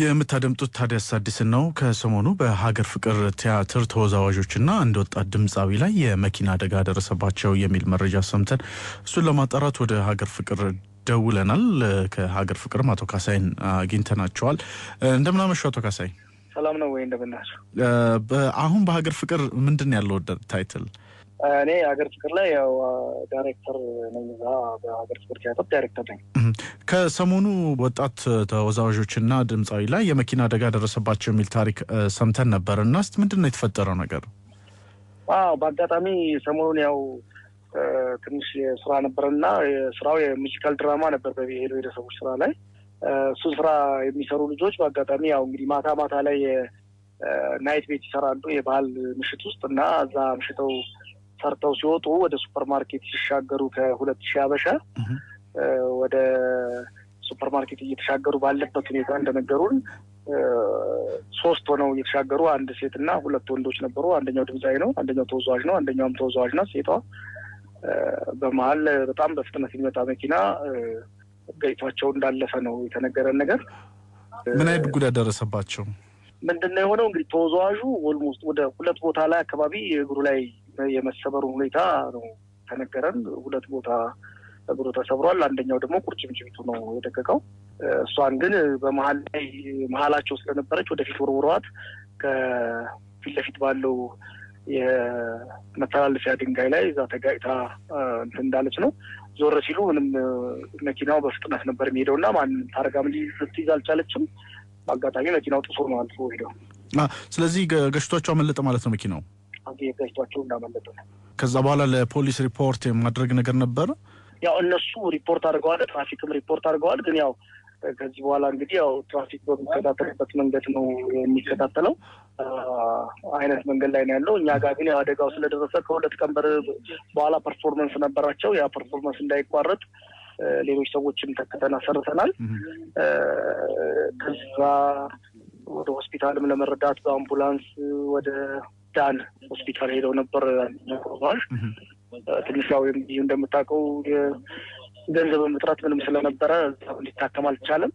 የምታደምጡት ታዲያስ አዲስን ነው። ከሰሞኑ በሀገር ፍቅር ቲያትር ተወዛዋዦችና አንድ ወጣት ድምፃዊ ላይ የመኪና አደጋ ደረሰባቸው የሚል መረጃ ሰምተን እሱን ለማጣራት ወደ ሀገር ፍቅር ደውለናል። ከሀገር ፍቅርም አቶ ካሳይን አግኝተናቸዋል። እንደምናመሹ አቶ ካሳይ ሰላም ነው ወይ? እንደምናቸው። አሁን በሀገር ፍቅር ምንድን ያለው ታይትል እኔ ሀገር ፍቅር ላይ ያው ዳይሬክተር ነኝ። እዛ በሀገር ፍቅር ቲያትር ዳይሬክተር ነኝ። ከሰሞኑ ወጣት ተወዛዋዦችና ድምፃዊ ላይ የመኪና አደጋ ደረሰባቸው የሚል ታሪክ ሰምተን ነበር እና ስ ምንድን ነው የተፈጠረው ነገር? አዎ በአጋጣሚ ሰሞኑን ያው ትንሽ ስራ ነበር ስራው የሙዚካል ድራማ ነበር በብሄር ብሄረሰቦች ስራ ላይ እሱ ስራ የሚሰሩ ልጆች በአጋጣሚ ያው እንግዲህ ማታ ማታ ላይ ናይት ቤት ይሰራሉ የባህል ምሽት ውስጥ እና እዛ ምሽተው ሰርተው ሲወጡ ወደ ሱፐር ማርኬት ሲሻገሩ ከሁለት ሺህ አበሻ ወደ ሱፐር ማርኬት እየተሻገሩ ባለበት ሁኔታ እንደነገሩን ሶስት ሆነው እየተሻገሩ አንድ ሴትና ሁለት ወንዶች ነበሩ። አንደኛው ድምፃዊ ነው፣ አንደኛው ተወዛዋዥ ነው፣ አንደኛውም ተወዛዋዥ ናት ሴቷ። በመሀል በጣም በፍጥነት የሚመጣ መኪና ገይቷቸው እንዳለፈ ነው የተነገረን ነገር። ምን አይነት ጉዳት ደረሰባቸው? ምንድን ነው የሆነው? እንግዲህ ተወዛዋዡ ኦልሞስት ወደ ሁለት ቦታ ላይ አካባቢ እግሩ ላይ የመሰበሩ ሁኔታ ነው ተነገረን። ሁለት ቦታ እግሩ ተሰብሯል። አንደኛው ደግሞ ቁርጭምጭሚቱ ነው የደቀቀው። እሷን ግን በመሀል ላይ መሀላቸው ስለነበረች ወደፊት ወርውረዋት ከፊት ለፊት ባለው የመተላለፊያ ድንጋይ ላይ እዛ ተጋጭታ እንትን እንዳለች ነው። ዞር ሲሉ ምንም መኪናው በፍጥነት ነበር የሚሄደው እና ማን ታረጋም ልትይዝ አልቻለችም። በአጋጣሚ መኪናው ጥሶ ነው አልፎ ሄደው። ስለዚህ ገሽቷቸው አመለጠ ማለት ነው መኪናው አንተ ገጭቷቸው እንዳመለጡ ከዛ በኋላ ለፖሊስ ሪፖርት የማድረግ ነገር ነበር። ያው እነሱ ሪፖርት አድርገዋል፣ ትራፊክም ሪፖርት አድርገዋል። ግን ያው ከዚህ በኋላ እንግዲህ ያው ትራፊክ በሚከታተልበት መንገድ ነው የሚከታተለው አይነት መንገድ ላይ ነው ያለው። እኛ ጋር ግን አደጋው ስለደረሰ ከሁለት ቀን በኋላ ፐርፎርመንስ ነበራቸው። ያ ፐርፎርመንስ እንዳይቋረጥ ሌሎች ሰዎችም ተክተን አሰርተናል። ከዛ ወደ ሆስፒታልም ለመረዳት በአምቡላንስ ወደ ዳን ሆስፒታል ሄደው ነበር። ቆባል ትንሽ ያው እንደምታውቀው ገንዘብ መጥራት ምንም ስለነበረ ሊታከም አልቻለም።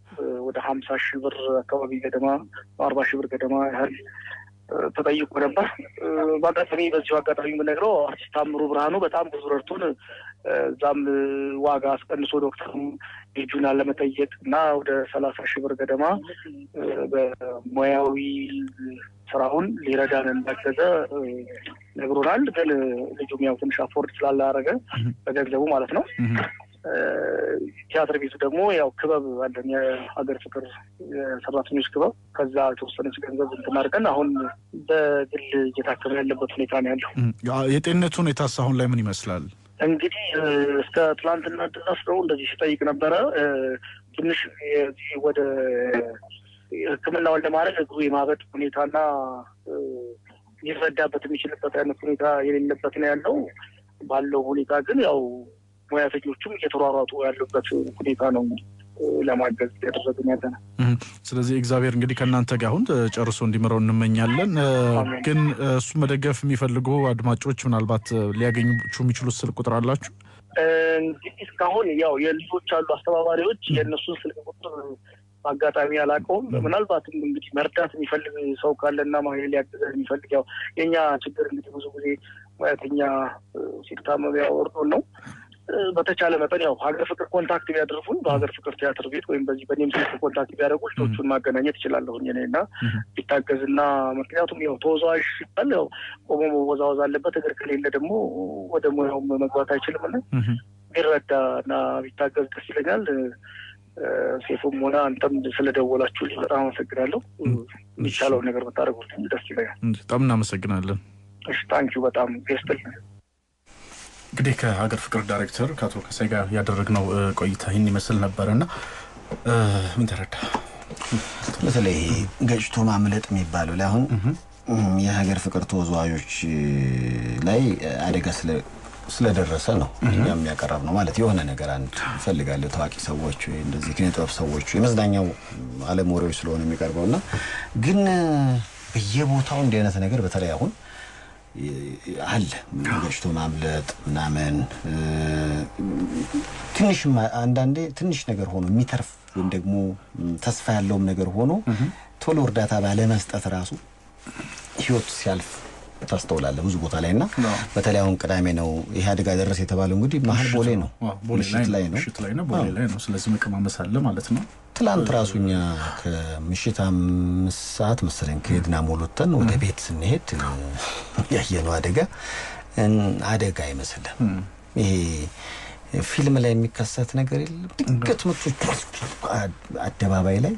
ወደ ሀምሳ ሺህ ብር አካባቢ ገደማ አርባ ሺህ ብር ገደማ ያህል ተጠይቆ ነበር። በአጋጣሚ በዚሁ አጋጣሚ የምነግረው አርቲስት ታምሩ ብርሃኑ በጣም ብዙ ረድቶን እዛም ዋጋ አስቀንሶ ዶክተሩ ልጁና ለመጠየቅ እና ወደ ሰላሳ ሺህ ብር ገደማ በሙያዊ ስራውን ሊረዳን እንዳገዘ ነግሮናል። ግን ልጁም ያው ትንሽ አፎርድ ስላላረገ በገንዘቡ ማለት ነው። ቲያትር ቤቱ ደግሞ ያው ክበብ አለን፣ የሀገር ፍቅር የሰራተኞች ክበብ። ከዛ የተወሰነች ገንዘብ እንትን አድርገን አሁን በግል እየታከመ ያለበት ሁኔታ ነው ያለው። የጤንነቱ ሁኔታስ አሁን ላይ ምን ይመስላል? እንግዲህ እስከ ትላንትና ድረስ ነው እንደዚህ ሲጠይቅ ነበረ። ትንሽ ወደ ህክምናውን ለማድረግ እግሩ የማበጥ ሁኔታና ሊረዳበት የሚችልበት አይነት ሁኔታ የሌለበት ነው ያለው። ባለው ሁኔታ ግን ያው ሙያተኞቹም እየተሯሯጡ ያሉበት ሁኔታ ነው ለማገዝ ያደረግን ስለዚህ እግዚአብሔር እንግዲህ ከእናንተ ጋር አሁን ጨርሶ እንዲመራው እንመኛለን። ግን እሱ መደገፍ የሚፈልጉ አድማጮች ምናልባት ሊያገኙ የሚችሉት ስልክ ቁጥር አላችሁ? እንግዲህ እስካሁን ያው የልጆች አሉ አስተባባሪዎች የእነሱን ስልክ ቁጥር አጋጣሚ አላውቀውም። ምናልባትም እንግዲህ መርዳት የሚፈልግ ሰው ካለና ማሄል ሊያግዘን የሚፈልግ ያው የኛ ችግር እንግዲህ ብዙ ጊዜ ሙያተኛ ሲታመም ያው ነው። በተቻለ መጠን ያው ሀገር ፍቅር ኮንታክት ቢያደርጉን በሀገር ፍቅር ቲያትር ቤት ወይም በዚህ በኔም ሴ ኮንታክት ቢያደርጉ ልጆቹን ማገናኘት ይችላለሁ እኔ እና ቢታገዝና ምክንያቱም ያው ተወዛዋዥ ሲባል ያው ቆሞ መወዛወዝ አለበት። እግር ከሌለ ደግሞ ወደ ሙያውም መግባት አይችልም እና ቢረዳ እና ቢታገዝ ደስ ይለኛል። ሴቱም ሆነ አንተም ስለደወላችሁ በጣም አመሰግናለሁ። የሚቻለው ነገር ብታደርጉልኝ ደስ ይለኛል። በጣም እናመሰግናለን። እሺ፣ ታንኪዩ በጣም ስጥል እንግዲህ ከሀገር ፍቅር ዳይሬክተር ከአቶ ከሳይ ጋር ያደረግነው ቆይታ ይህን ይመስል ነበረ እና ምን ተረዳ? በተለይ ገጭቶ ማምለጥ የሚባለው ላይ አሁን የሀገር ፍቅር ተወዛዋዦች ላይ አደጋ ስለደረሰ ነው እኛም ያቀረብ ነው ማለት የሆነ ነገር አንድ እፈልጋለሁ። ታዋቂ ሰዎች እንደዚህ ኪነ ሰዎች የመዝናኛው ዓለም ወሬዎች ስለሆነ የሚቀርበው እና ግን በየቦታው እንዲህ አይነት ነገር በተለይ አሁን አለ ገጭቶ ማምለጥ ምናምን ትንሽ አንዳንዴ ትንሽ ነገር ሆኖ የሚተርፍ ወይም ደግሞ ተስፋ ያለውም ነገር ሆኖ ቶሎ እርዳታ ባለመስጠት ራሱ ህይወት ሲያልፍ ታስተውላለህ ብዙ ቦታ ላይ እና በተለይ አሁን ቅዳሜ ነው ይህ አደጋ ደረሰ የተባለው እንግዲህ መሀል ቦሌ ነው ምሽት ላይ ነው ስለዚህ መቀማመስ አለ ማለት ነው። ትላንት ራሱ እኛ ከምሽት አምስት ሰዓት መሰለኝ ከሄድና ሞሎተን ወደ ቤት ስንሄድ ያየነው አደጋ አደጋ አይመስልም ይሄ ፊልም ላይ የሚከሰት ነገር የለም። ድንገት መጥቶ አደባባይ ላይ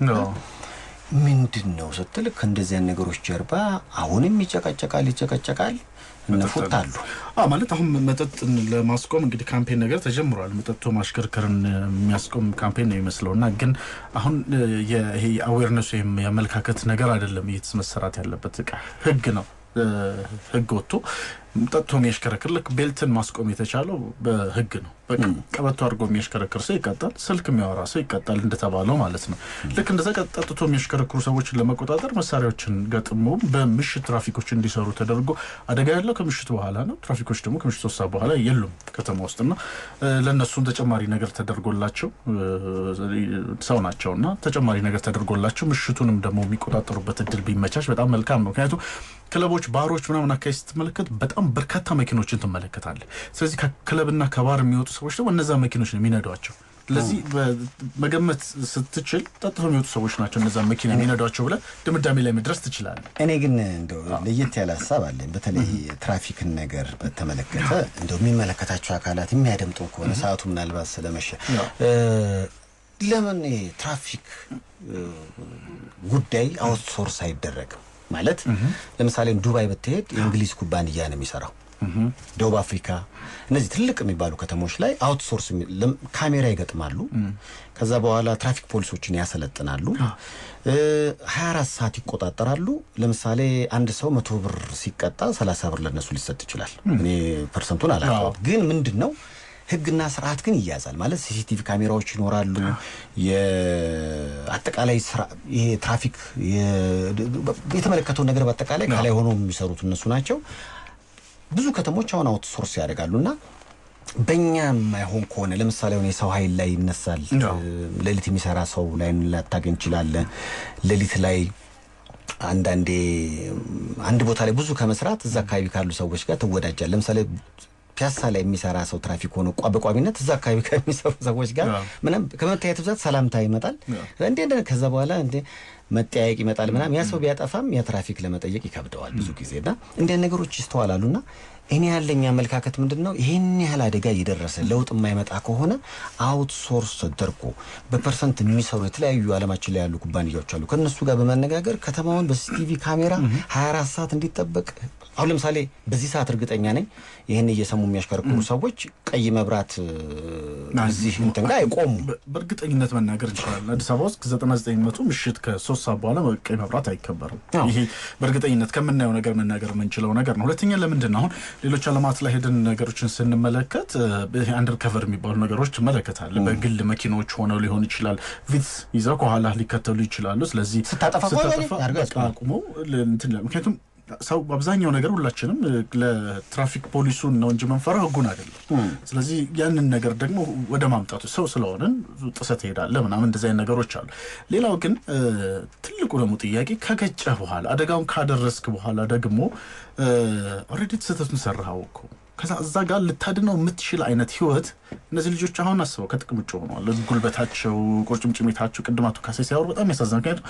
ምንድን ነው ስትል ከእንደዚያን ነገሮች ጀርባ አሁንም ይጨቀጨቃል ይጨቀጨቃል እነፉታሉ ማለት አሁን መጠጥን ለማስቆም እንግዲህ ካምፔን ነገር ተጀምሯል። መጠጥቶ ማሽከርከርን የሚያስቆም ካምፔን ነው ይመስለው እና ግን አሁን ይሄ አዌርነሱ ወይም የአመለካከት ነገር አይደለም። ይህ መሰራት ያለበት ህግ ነው። ህግ ወጥቶ ጠጥቶ የሚያሽከረክር ልክ ቤልትን ማስቆም የተቻለው በህግ ነው። ቀበቶ አድርጎ የሚያሽከረክር ሰው ይቀጣል፣ ስልክ የሚያወራ ሰው ይቀጣል እንደተባለው ማለት ነው። ልክ እንደዛ ጠጥቶ የሚያሽከረክሩ ሰዎችን ለመቆጣጠር መሳሪያዎችን ገጥሞ በምሽት ትራፊኮች እንዲሰሩ ተደርጎ አደጋ ያለው ከምሽት በኋላ ነው። ትራፊኮች ደግሞ ከምሽት ሶስት ሰዓት በኋላ የሉም ከተማ ውስጥና ለእነሱም ተጨማሪ ነገር ተደርጎላቸው ሰው ናቸው እና ተጨማሪ ነገር ተደርጎላቸው ምሽቱንም ደግሞ የሚቆጣጠሩበት እድል ቢመቻች በጣም መልካም ነው። ምክንያቱም ክለቦች፣ ባሮች ምናምን አካባቢ ስትመለከት በጣም በጣም በርካታ መኪኖችን ትመለከታለህ። ስለዚህ ከክለብና ከባር የሚወጡ ሰዎች ደግሞ እነዛ መኪኖች ነው የሚነዷቸው። ለዚህ መገመት ስትችል ጠጥቶ የሚወጡ ሰዎች ናቸው እነዛ መኪና የሚነዷቸው ብለህ ድምዳሜ ላይ መድረስ ትችላለህ። እኔ ግን እንደው ለየት ያለ ሀሳብ አለኝ። በተለይ ትራፊክን ነገር በተመለከተ እንደው የሚመለከታቸው አካላት የሚያደምጡ ከሆነ ሰዓቱ ምናልባት ስለመሸ ለምን ትራፊክ ጉዳይ አውትሶርስ አይደረግም? ማለት ለምሳሌ ዱባይ ብትሄድ የእንግሊዝ ኩባንያ ነው የሚሰራው። ደቡብ አፍሪካ፣ እነዚህ ትልቅ የሚባሉ ከተሞች ላይ አውትሶርስ ካሜራ ይገጥማሉ። ከዛ በኋላ ትራፊክ ፖሊሶችን ያሰለጥናሉ። ሀያ አራት ሰዓት ይቆጣጠራሉ። ለምሳሌ አንድ ሰው መቶ ብር ሲቀጣ ሰላሳ ብር ለነሱ ሊሰጥ ይችላል። እኔ ፐርሰንቱን አላውቅም፣ ግን ምንድን ነው ህግና ስርዓት ግን ይያዛል ማለት ሲሲቲቪ ካሜራዎች ይኖራሉ። የአጠቃላይ ይሄ ትራፊክ የተመለከተውን ነገር በአጠቃላይ ከላይ ሆኖ የሚሰሩት እነሱ ናቸው። ብዙ ከተሞች አሁን አውት ሶርስ ያደርጋሉ እና በእኛ የማይሆን ከሆነ ለምሳሌ ሆነ የሰው ኃይል ላይ ይነሳል። ሌሊት የሚሰራ ሰው ላይ ላታገኝ እንችላለን። ሌሊት ላይ አንዳንዴ አንድ ቦታ ላይ ብዙ ከመስራት እዛ አካባቢ ካሉ ሰዎች ጋር ትወዳጃል። ለምሳሌ ፒያሳ ላይ የሚሰራ ሰው ትራፊክ ሆኖ በቋሚነት እዛ አካባቢ ከሚሰሩ ሰዎች ጋር ምንም ከመታየት ብዛት ሰላምታ ይመጣል እንዴ ከዛ በኋላ እንዴ መጠያየቅ ይመጣል ምናም ያ ሰው ቢያጠፋም ያ ትራፊክ ለመጠየቅ ይከብደዋል ብዙ ጊዜ እና እንዲያ ነገሮች ይስተዋላሉና እኔ ያለኝ አመለካከት ምንድን ነው? ይህን ያህል አደጋ እየደረሰ ለውጥ የማይመጣ ከሆነ አውትሶርስ ተደርጎ በፐርሰንት የሚሰሩ የተለያዩ አለማችን ላይ ያሉ ኩባንያዎች አሉ። ከእነሱ ጋር በመነጋገር ከተማውን በሲሲቲቪ ካሜራ 24 ሰዓት እንዲጠበቅ አሁን ለምሳሌ በዚህ ሰዓት እርግጠኛ ነኝ ይህን እየሰሙ የሚያሽከረክሩ ሰዎች ቀይ መብራት እዚህ እንትን ጋር በእርግጠኝነት መናገር እንችላለን። አዲስ አበባ ውስጥ 99 መቶ ምሽት ከ ከሶስት ሰዓት በኋላ ቀይ መብራት አይከበርም። ይሄ በእርግጠኝነት ከምናየው ነገር መናገር የምንችለው ነገር ነው። ሁለተኛ ለምንድን አሁን ሌሎች አለማት ላይ ሄደን ነገሮችን ስንመለከት አንደር ከቨር የሚባሉ ነገሮች ትመለከታል። በግል መኪኖች ሆነው ሊሆን ይችላል። ቪት ይዘው ከኋላ ሊከተሉ ይችላሉ። ስለዚህ ስታጠፋ ቆሞ ምክንያቱም ሰው አብዛኛው ነገር ሁላችንም ለትራፊክ ፖሊሱን ነው እንጂ መንፈራ ህጉን አይደለም። ስለዚህ ያንን ነገር ደግሞ ወደ ማምጣቱ ሰው ስለሆንን ጥሰት ይሄዳል ምናምን እንደዚህ አይነት ነገሮች አሉ። ሌላው ግን ትልቁ ደግሞ ጥያቄ ከገጨህ በኋላ አደጋውን ካደረስክ በኋላ ደግሞ ኦልሬዲ ስህተቱን ሰራኸው እኮ ከዛ እዛ ጋር ልታድነው የምትችል አይነት ህይወት እነዚህ ልጆች አሁን አስበው ከጥቅም ውጭ ሆነዋል። ጉልበታቸው፣ ቁርጭምጭሚታቸው ቅድማቱ ካሴ ሲያወሩ በጣም ያሳዝናል። ምክንያቱም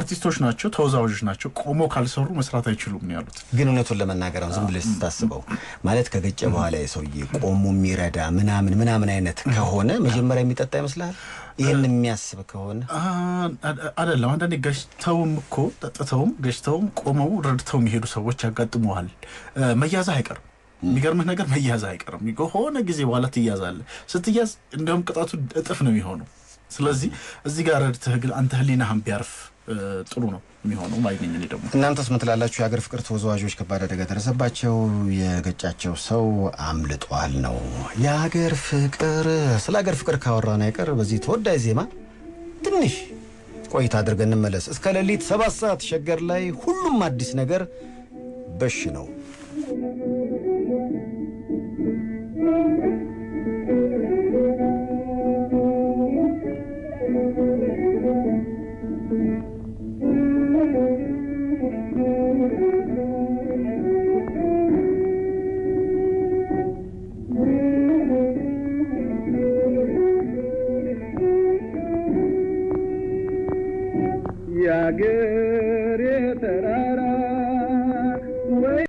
አርቲስቶች ናቸው፣ ተወዛዋዦች ናቸው። ቆመው ካልሰሩ መስራት አይችሉም ነው ያሉት። ግን እውነቱን ለመናገር ነው ዝም ብለህ ስታስበው ማለት ከገጨ በኋላ የሰውዬ ቆሙ የሚረዳ ምናምን ምናምን አይነት ከሆነ መጀመሪያ የሚጠጣ ይመስላል ይህን የሚያስብ ከሆነ አይደለም። አንዳንዴ ገጭተውም እኮ ጠጥተውም ገጭተውም ቆመው ረድተው የሚሄዱ ሰዎች ያጋጥመዋል። መያዛ አይቀርም የሚገርምህ ነገር መያዝ አይቀርም። ከሆነ ጊዜ በኋላ ትያዛለህ። ስትያዝ እንደውም ቅጣቱ እጥፍ ነው የሚሆነው። ስለዚህ እዚህ ጋር ረድትህ ግን አንተ ህሊናህን ቢያርፍ ጥሩ ነው የሚሆነው። ማይገኝ ደግሞ እናንተስ ምን የሀገር ፍቅር ተወዛዋዦች ከባድ አደጋ ደረሰባቸው። የገጫቸው ሰው አምልጧል ነው የሀገር ፍቅር። ስለ ሀገር ፍቅር ካወራን አይቀር በዚህ ተወዳጅ ዜማ ትንሽ ቆይታ አድርገን እንመለስ። እስከ ሌሊት ሰባት ሰዓት ሸገር ላይ ሁሉም አዲስ ነገር በሽ ነው።